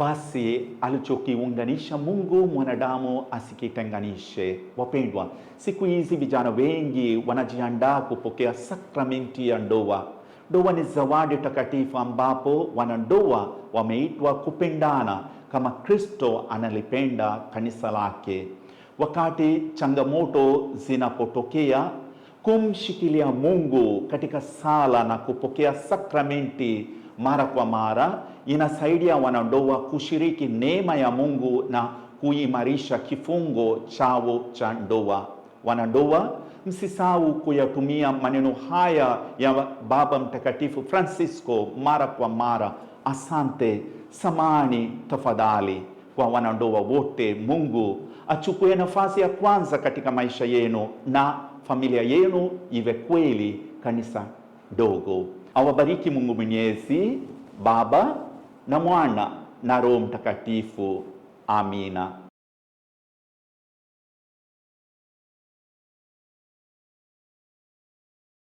basi alichokiunganisha Mungu mwanadamu asikitenganishe. Wapendwa, siku hizi vijana wengi wanajiandaa kupokea sakramenti ya ndoa. Ndoa ni zawadi takatifu ambapo wanandoa wameitwa kupendana kama Kristo analipenda kanisa lake. Wakati changamoto zinapotokea, kumshikilia Mungu katika sala na kupokea sakramenti mara kwa mara inasaidia wanandoa kushiriki neema ya Mungu na kuimarisha kifungo chao cha ndoa. Wanandoa, msisahau kuyatumia maneno haya ya Baba Mtakatifu Francisco mara kwa mara: asante, samani tafadhali. Kwa wanandoa wote, Mungu achukue nafasi ya kwanza katika maisha yenu na familia yenu iwe kweli kanisa dogo. Awabariki Mungu Mwenyezi, Baba na Mwana na Roho Mtakatifu. Amina.